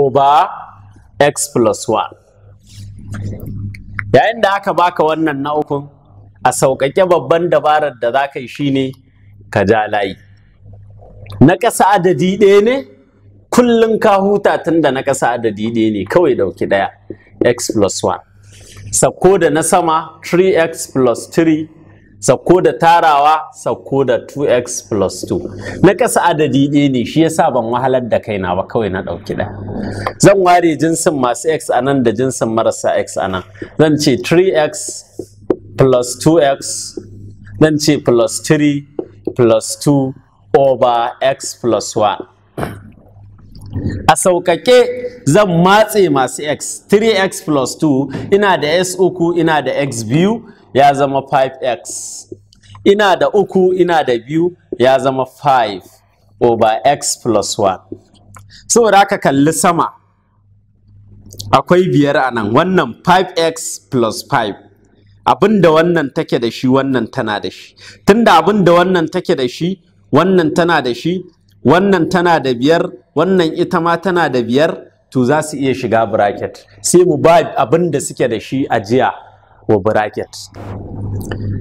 over x plus 1 yayin da aka baka wannan na ukun a sauƙaƙe babban dabarar da za ka yi shine ka ja layi na ƙasa adadi ɗaya ne kullum ka huta tun da na ƙasa adadi ɗaya ne kawai ɗauki ɗaya x plus 1 sako da na sama 3x plus 3 sauko da tarawa sauko da 2x plus 2 na ƙasa adadi ɗaya ne shi sa ban wahalar da kaina ba kawai na ɗauki ɗaya zan ware jinsin masu x a nan da jinsin marasa x a nan zan ce 3x plus 2x zan ce plus 3 plus 2 over x plus 1 a sauƙaƙe zan matse masu x 3x plus 2 ina da s uku ina da x biyu ya zama 5x ina da uku ina da biyu ya zama 5 over x plus 1 da aka kalli sama akwai biyar a nan wannan 5x plus 5 abinda wannan take da shi wannan tana da shi tunda abinda wannan take da shi wannan tana da shi wannan tana da biyar wannan ita ma tana da biyar to za su iya shiga bracket sai mu ba abinda suke da shi a jiya wa bracket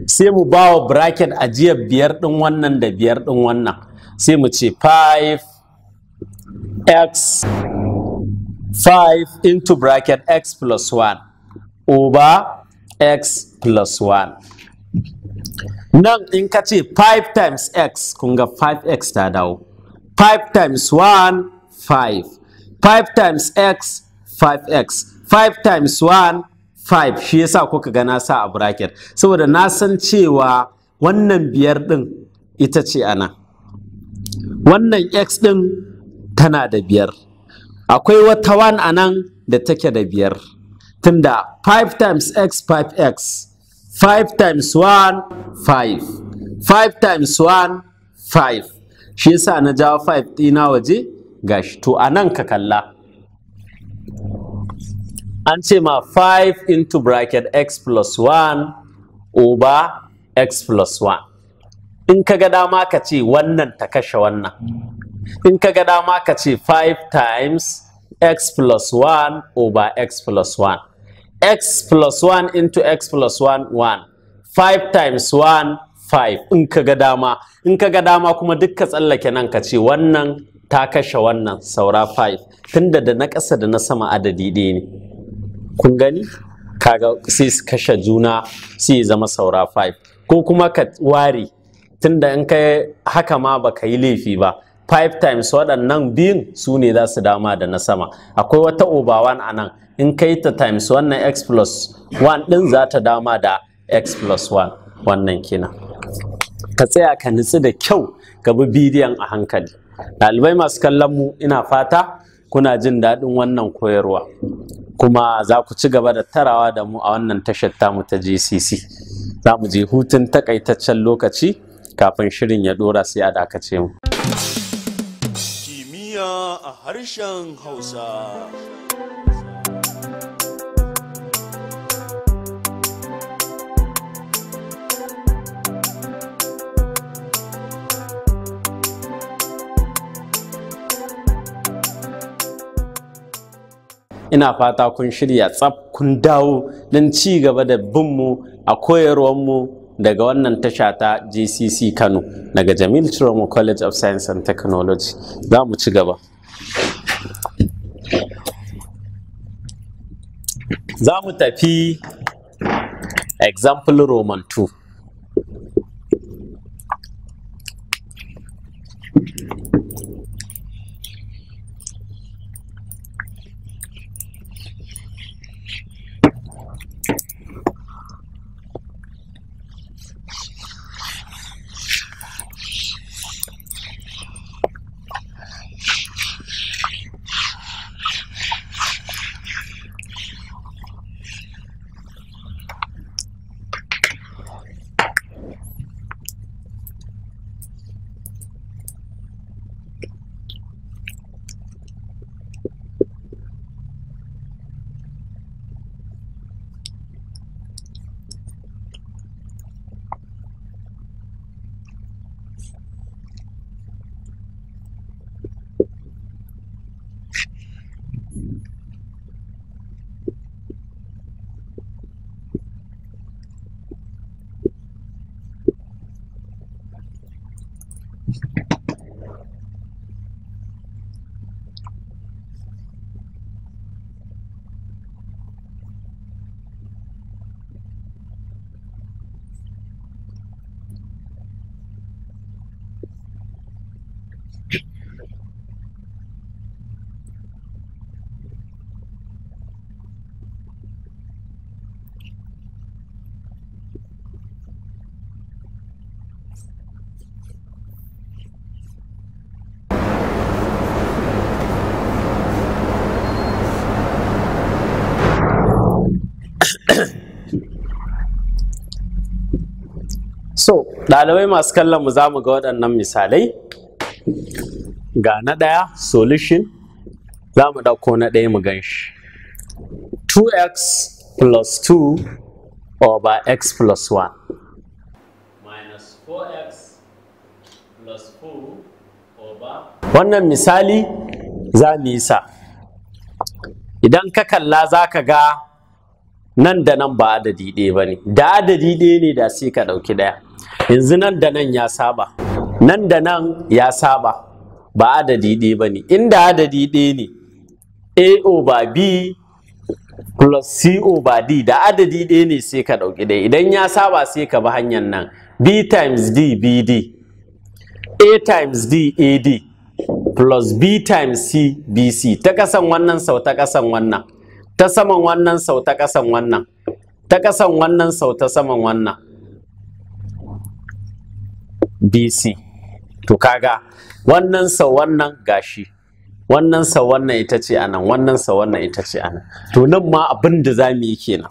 sai mu ba wa bracket ajiyar biyar ɗin wannan da biyar ɗin wannan sai mu ce 5x 5 into bracket x plus 1 over x plus 1 nan in ka ce 5 times x kun ga 5x ta dawo 5 times 1 5 5 times x 5x 5 times 1 5 shi yasa kuka ga na sa a bracket saboda na san cewa wannan biyar ɗin ita ce a nan wannan x ɗin tana da biyar akwai wata 1 a nan da take da biyar tunda 5 times x 5x 5 times 1 5 5 times 1 5 shi yasa na jawo 5 ɗina waje gashi to a nan ka kalla an ce ma 5 into bracket x plus 1 over x plus 1 in ka ga dama ka ce wannan ta kashe wannan in ka ga dama ka ce 5 times x plus 1 over x plus 1 x plus 1 into x plus 1 1 5 times 1 5 in ka ga dama in ka ga dama kuma duk ka tsallake nan ka ce wannan ta kashe wannan saura 5 tunda da na ƙasa da na sama adadi ɗaya ne kun gani kaga sai su kashe juna sai zama saura 5 ko kuma ka ware tunda in kai haka ma baka yi laifi ba 5 times waɗannan biyun su ne za su dama da na sama akwai wata over a nan in kai ta times wannan x plus 1 ɗin za ta dama da x plus 1 wannan kina ka tsaya ka nutsu da kyau ka bi bidiyon a hankali ɗalibai masu kallon mu ina fata kuna jin daɗin wannan koyarwa kuma za ku ci gaba da tarawa da mu a wannan tashar tamu ta GCC za mu je hutun takaitaccen lokaci kafin shirin ya ɗora, sai a dakace mu kimiyya a harshen Hausa ina fata kun shirya tsaf kun dawo don ci gaba da binmu a koyarwarmu daga wannan tasha ta GCC Kano daga Jamil Chiromo College of Science and Technology za mu ci gaba za mu tafi example Roman 2 so ɗalibai masu kallon mu za mu ga waɗannan misalai ga na ɗaya solution za mu ɗauko na ɗaya mu gan shi 2x plus 2 over x plus 1 4 wannan misali za mu yi sa idan ka kalla za ka ga nan da nan ba adadi ɗaya ba ne da adadi ɗaya ne da sai ka ɗauki ɗaya yanzu nan da nan ya saba nan da nan ya saba ba adadi ɗaya ba ne inda adadi ɗaya ne a ba b plus c ba d da adadi ɗaya ne sai ka ɗauki ɗaya idan ya saba sai ka bi hanyar nan b times d bd a times d ad plus b times c bc ta kasan wannan sau ta kasan wannan ta saman wannan sau ta kasan wannan ta kasan wannan sau ta saman wannan BC to kaga wannan sa wannan gashi wannan sa wannan ita ce anan wannan sa wannan ita ce anan to nan ma abin da za mu yi kenan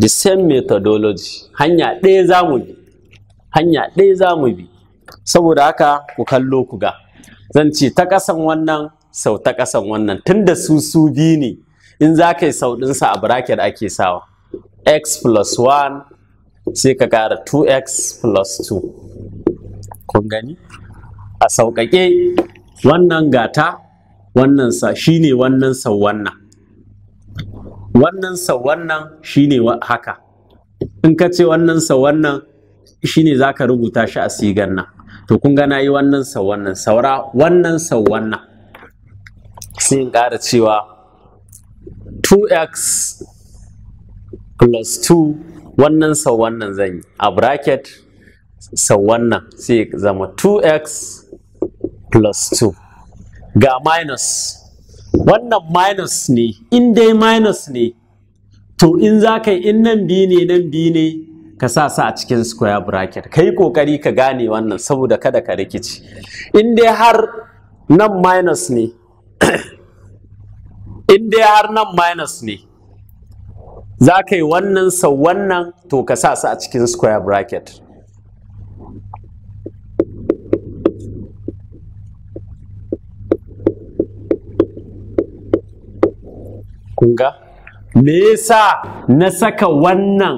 the same methodology hanya ɗaya za mu bi hanya ɗaya za mu bi saboda haka ku kallo ku ga zan ce ta ƙasan wannan sau ta ƙasan wannan tunda su su biyu ne in za ka yi sau ɗinsa a bracket ake sawa x plus 1 sai ka ƙara 2x plus 2 kun gani a sauƙaƙe wannan gata wannan sa shine wannan sau wannan wannan sau wannan shine haka in ka ce wannan sau wannan shine za ka rubuta shi a sigar nan to kun ga yi wannan sau wannan saura wannan sau wannan sai in ƙara cewa 2x plus 2 wannan sau wannan zan yi a bracket sau wannan sai zama 2x plus 2 ga minus wannan minus ne in dai minus ne to in za ka yi in nan biyu ne nan biyu ne ka sa sa a cikin square bracket ka yi ƙoƙari ka gane wannan saboda kada ka rikici in dai har nan minus ne in dai har nan minus ne za ka yi wannan sau wannan to ka sa sa a cikin square bracket Kunga? me yasa na saka wannan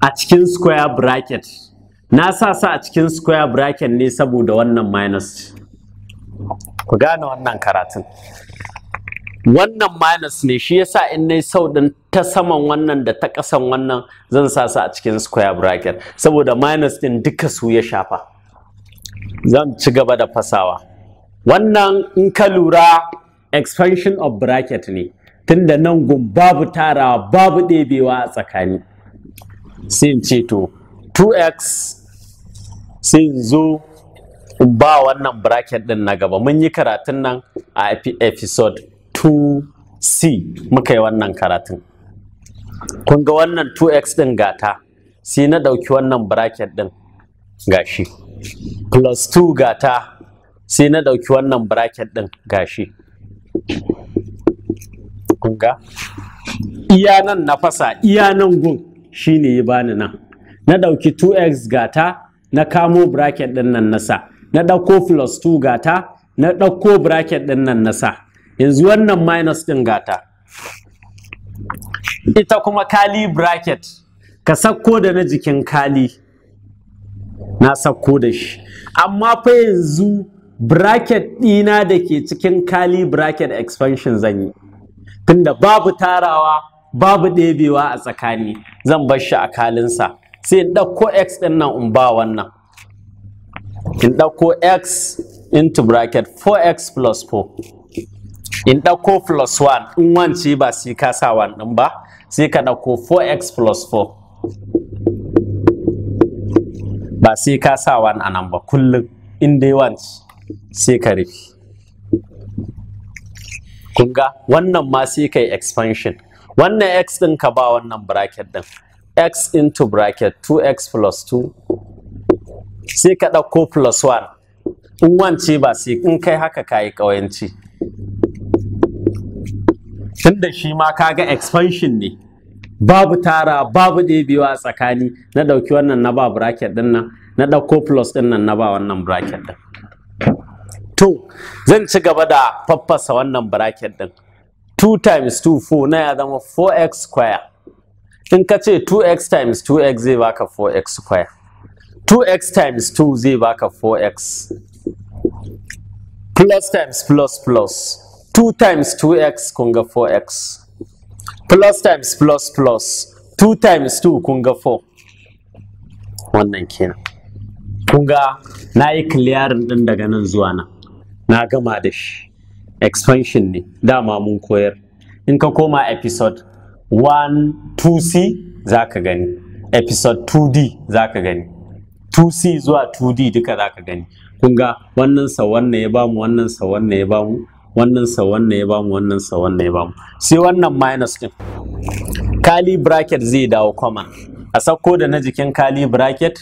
a cikin square bracket na sa sa a cikin square bracket ne saboda wannan minus ku gane wannan karatun wannan minus ne shi yasa in nayi sau din ta saman wannan da ta kasan wannan zan sa sa a cikin square bracket saboda minus din duka su ya shafa zan ci gaba da fasawa wannan in ka lura expansion of bracket ne tunda nan gun babu tarawa babu ɗebewa a tsakani sai in ce to 2x sai in zo ba wannan bracket ɗin na gaba mun yi karatun nan a episode 2c muka yi wannan karatun kun ga wannan 2x ɗin gata sai na ɗauki wannan bracket ɗin gashi plus 2 gata sai na ɗauki wannan bracket ɗin gashi kun ga iya nan na fasa iya nan gun shine ya bani nan na ɗauki 2x gata na kamo bracket ɗin nan na sa na ɗauko plus 2 gata na ɗauko bracket ɗin nan na yanzu wannan minus ɗin gata ita kuma kali bracket ka sakko da na jikin kali na sakko da shi amma fa yanzu bracket ɗina da ke cikin kali bracket expansion zan yi tunda babu tarawa babu ɗebewa a tsakani zan bar shi a kalinsa sai in ɗauko x ɗin nan in ba wannan in ɗauko x into bracket 4x plus 4 in ɗauko plus 1 in wance ba sai ka sa wannan ɗin ba sai ka ɗauko 4x plus 4 ba sai ka sa 1 anan ba kullum in dai wance sai ka rufe Kunga, wannan ma sai kai expansion wannan x din ka ba wannan bracket din x into bracket 2x plus 2 sai ka ɗauko plus 1 in wance ba sai in kai haka kayi ƙawanci tunda shi ma kaga expansion ne babu tara babu ɗebewa tsakani na ɗauki wannan na ba bracket din nan na ɗauko plus ɗin nan na ba wannan bracket din to zan ci gaba da faffasa wannan bracket din 2 times 2 4 na ya zama 4x square in ka ce 2x times 2x zai baka 4x square 2x times 2 zai baka 4x plus times plus plus 2 times 2x kun ga 4x plus times plus plus 2 times 2 kun ga 4 wannan kenan kun ga na yi clearing din daga nan zuwa nan na gama da shi expansion ne dama mun koyar in ka koma episode 1-2c za ka gani episode 2d za ka gani 2c zuwa 2d duka za ka gani kun ga wannan sa wannan ya bamu wannan sa wannan ya bamu wannan sa wannan ya bamu wannan sa wannan ya bamu sai wannan minus din kali bracket zai dawo comma a sako da na jikin kali bracket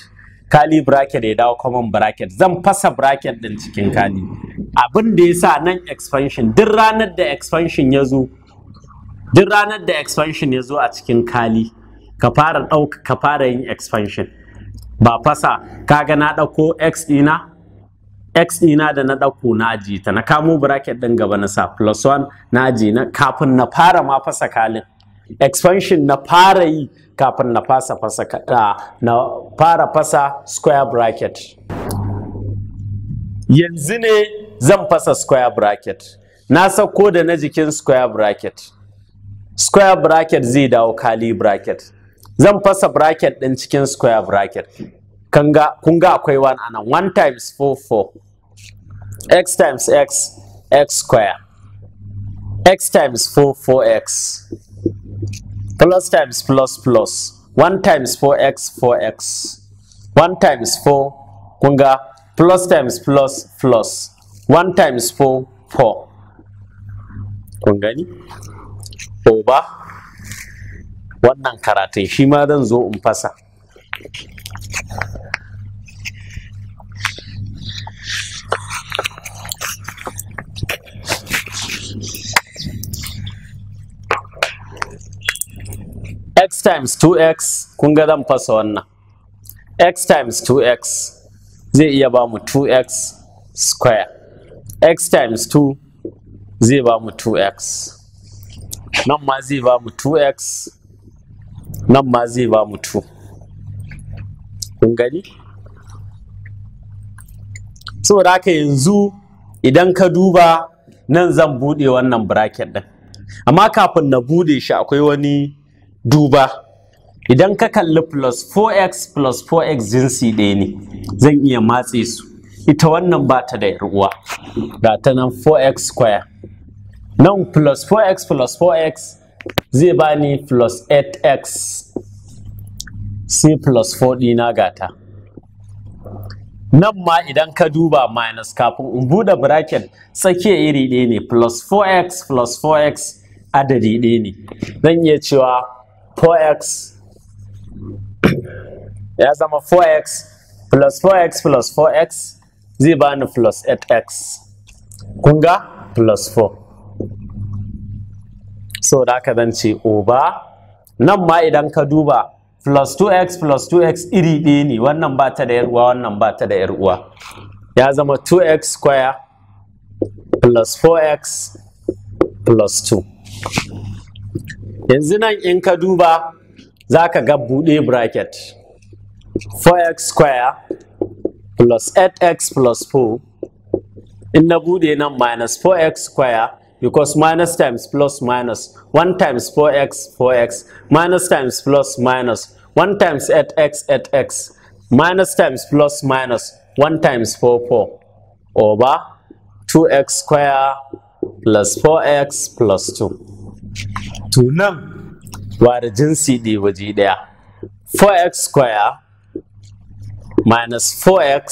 kali bracket ya dawo common bracket zan fasa bracket din cikin kali abin da ya sa nan expansion duk ranar da expansion ya zo duk ranar da expansion ya zo a cikin kali ka fara ɗauka ka fara yin expansion ba fasa kaga na ɗauko x ɗina x ɗina da na ɗauko na ji ta na kamo bracket ɗin gaba na sa plus one na ji na kafin na fara ma fasa kalin expansion na fara yi kafin na fasa fasa ah, na fara fasa square bracket yanzu ne zan fasa square bracket na sauko da na jikin square bracket square bracket zai dawo kali bracket zan fasa bracket din cikin square bracket kun ga akwai one anan one times four four, x times x x square x times four four x plus times plus plus 1 times 4x 4x 1 times 4 kunga plus times plus plus 1 times 4 4 kun gani over wannan karatun shi ma zan zo in fasa x times 2x kun ga zan fasa wannan x times 2x zai iya ba mu 2x square x times 2 zai ba mu 2x nan ma zai ba mu 2x nan ma zai ba mu 2 kun gani saboda haka yanzu idan ka duba nan zan bude wannan bracket din amma kafin na bude shi akwai wani duba idan ka kalli plus 4x plus 4x jinsi ɗaya ne zan iya matse su ita wannan ba ta da uwa ga ta nan 4x square nan plus 4x plus 4x zai ba ni plus 8x sai plus 4 ɗina gata nan ma idan ka duba minus kafin in buɗe bracket tsakiya iri ɗaya ne plus 4x plus 4x adadi ɗaya ne zan iya cewa 4x ya zama 4x plus 4x plus 4x zai bani plus 8x kunga plus 4 so da aka zan oba nan ma idan ka duba plus 2x plus 2x iri ɗaya ne wannan ba ta da yar'uwa wannan ba ta da yar'uwa ya zama 2x square plus 4x plus 2 yanzu nan in ka duba za ka ga buɗe bracket 4x square plus 8x plus 4 in na buɗe nan minus 4x square because minus times plus minus 1 times 4x 4x minus times plus minus 1 times 8x 8x minus times plus minus 1 times 4 4 over 2x square plus 4x plus 2 to nan ba jinsi ɗi waje ɗaya 4x square minus 4x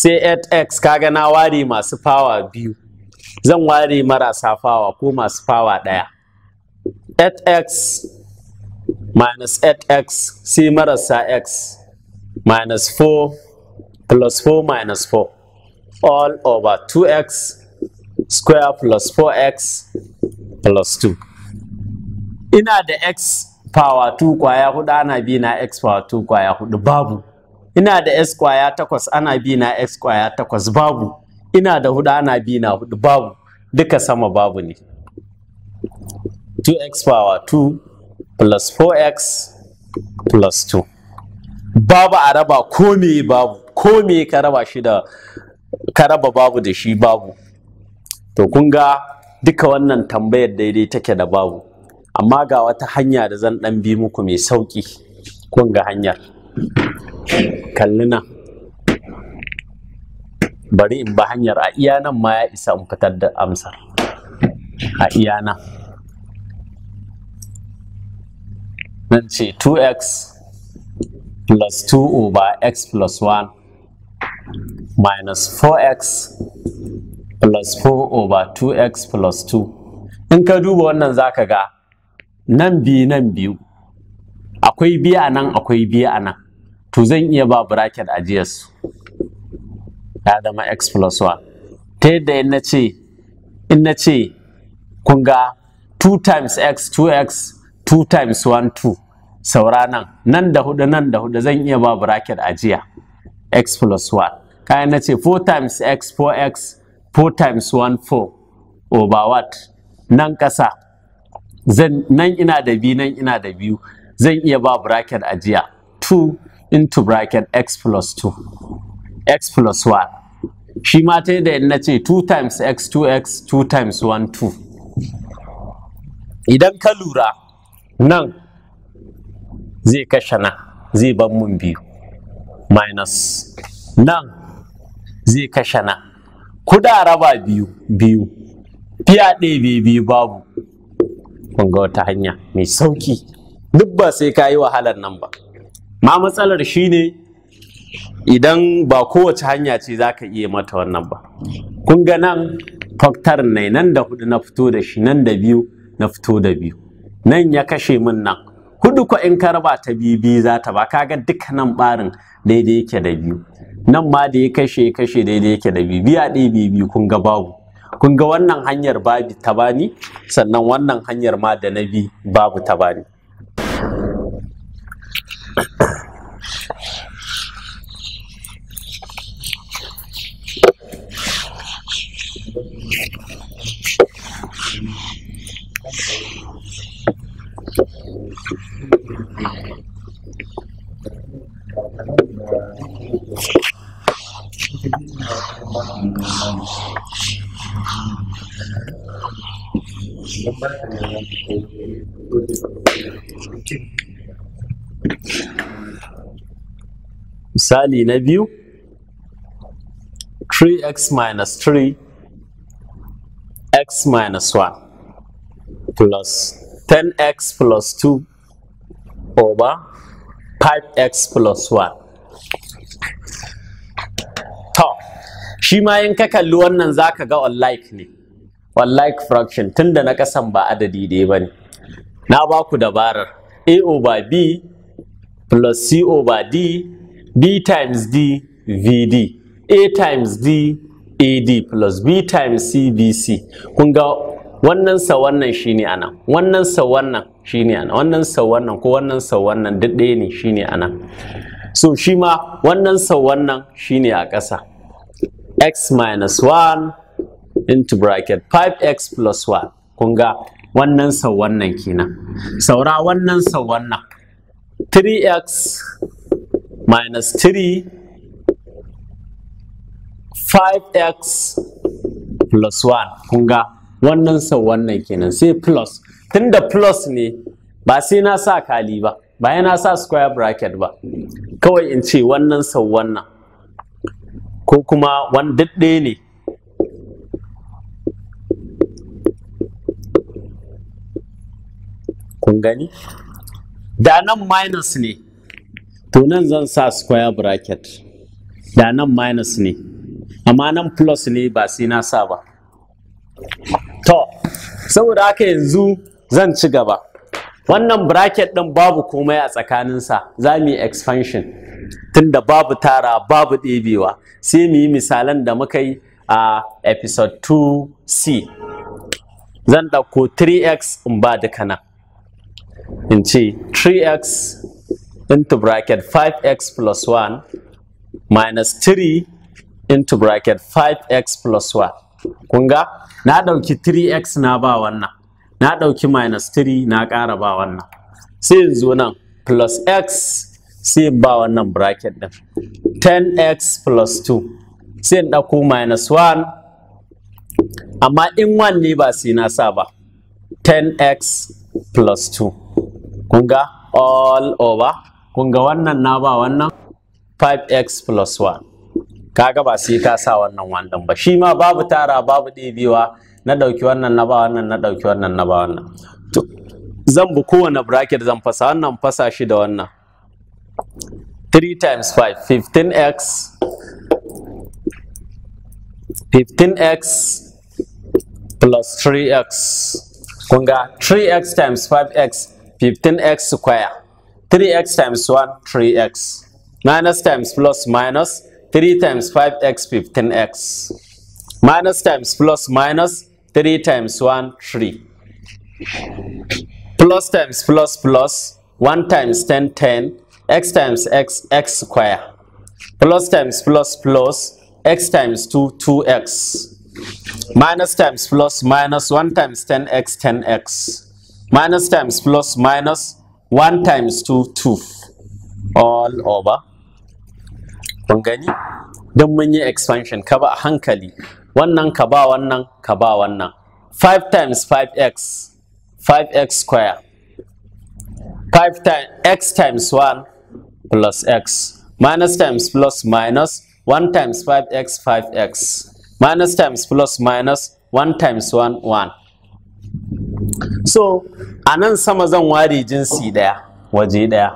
sai 8x kaga na ware masu fawa biyu zan ware marasa fawa ko masu fawa ɗaya 8x minus 8x sai marasa x minus 4 plus 4 minus 4 all over 2x square plus 4x plus 2 ina da x power 2 kwaya 4 ana bi na x power 2 kwaya 4 babu ina da s kwaya 8 ana bi na x kwaya 8 babu ina da 4 ana bi na 4 babu duka sama babu ne 2x power 2 plus 4x plus 2 babu a raba ko me babu ko me ka raba shi da ka raba babu da shi babu to kun ga duka wannan tambayar daidai take da babu amma ga wata hanya da zan ɗan bi muku mai sauƙi kun ga hanyar kalli nan bari in ba hanyar a iya nan ma ya isa in fitar da amsar a iya nan nan ce 2x plus 2 over x plus 1 minus 4x plus 4 over 2x plus 2 in ka duba wannan zaka ga nan biyu nan biyu akwai biya a nan akwai biya a nan to zan iya ba bracket ajiyarsu ya zama x plus 1 ta yadda in na ce in ce kun ga 2 times x 2x 2 times 1 2 saura nan nan da hudu nan da hudu zan iya ba bracket ajiya x plus 1 kayan na ce 4 times x 4x 4 times 1 4 over what nan kasa zan nan ina da biyu nan ina da biyu zan iya ba bracket ajiya 2 into bracket x plus 2 x plus 1 shi ma ta yadda na ce 2 times x 2x 2 times 1 2 idan ka lura nan zai kashe nan zai ban mun biyu minus nan zai kashe nan kuda raba biyu biyu fiya ɗaya biyu babu kun ga wata hanya mai sauki duk ba sai ka yi wahalar nan ba ma matsalar shi ne idan ba kowace hanya ce za ka iya mata wannan ba kun ga nan faktar ne nan da hudu na fito da shi nan da biyu na fito da biyu nan ya kashe min nan hudu ko in ka raba ta biyu biyu za ta ba kaga duka nan barin daidai yake da biyu nan ma da ya kashe kashe daidai yake da biyu biya ɗaya biyu biyu kun babu kun ga wannan hanyar babu bani, sannan wannan hanyar ma da na bi babu tabani misali na biyu 3x minus 3 x minus 1 plus 10x plus 2 over 5x plus 1 to shi ma in ka kalli wannan ka ga like ne like fraction tunda na kasan ba adadi dai bane na ba ku dabarar a over b plus c over d b times d vd a times d ad plus b times c bc kun ga wannan sa wannan shine ana wannan sa wannan shine ana wannan sa wannan ko wannan sa wannan duk ɗaya ne shine ana so shi ma wannan sa wannan shine a ƙasa x minus 1 into bracket 5x plus 1 kun ga wannan sau wannan kenan saura wannan sau wannan 3x minus 3 5x plus 1 kun ga wannan sau wannan kenan sai plus tunda plus ne ba sai na sa kali ba bayan na sa square bracket ba kawai in ce wannan sau wannan ko kuma wani daɗe ne kun gani da nan minus ne to nan zan sa square bracket da nan minus ne amma nan plus ne ba sai na sa ba to saboda haka yanzu zan ci gaba wannan bracket din babu komai a tsakaninsa za mu yi expansion tunda babu tara babu ɗebewa sai mu yi misalan da muka yi a episode 2c zan ɗauko 3x in ba duka nan in ce 3x into bracket 5x plus 1 minus 3 into bracket 5x plus 1 kunga na ɗauki 3x na ba wannan na ɗauki minus 3 na ƙara ba wannan sai yanzu nan plus x sai ba wannan bracket ɗin 10x plus 2 sai in ɗauko minus 1 amma in 1 ne ba sai na sa ba 10x plus 2 Kunga all over Kunga wannan na ba wannan 5x plus 1 kaga ba sai ka sa wannan wannan ba shi ma babu tara babu ɗebewa na ɗauki wannan na ba wannan na ɗauki wannan na ba wannan zan bu kowane bracket zan fasa wannan fasa shi da wannan 3 times 5 15x 15x plus 3x Kunga 3x times 5x 15x square. 3x times 1, 3x. Minus times plus minus, 3 times 5x, 15x. Minus times plus minus, 3 times 1, 3. Plus times plus plus, 1 times 10, 10. x times x, x square. Plus times plus plus, x times 2, 2x. Minus times plus minus, 1 times 10x, 10x. minus times plus minus 1 times 2 2 all over kun gani don mun yi expansion ka ba a hankali wannan ka ba wannan ka ba wannan 5 times 5x 5x square 5 times x times 1 plus x minus times plus minus 1 times 5x 5x minus times plus minus 1 times 1 1 so a nan sama zan ware jinsi daya waje daya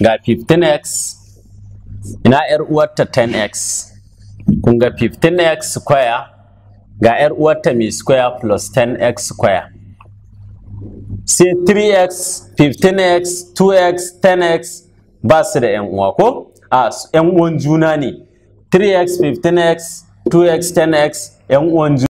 ga 15x ina yar uwarta 10x kun ga 15x square ga yar uwarta mai square plus 10x square sai 3x 15x 2x 10x ba su da 'yan uwa ko a 'yan uwan juna ne 3x 15x 2x 10x 'yan uwan juna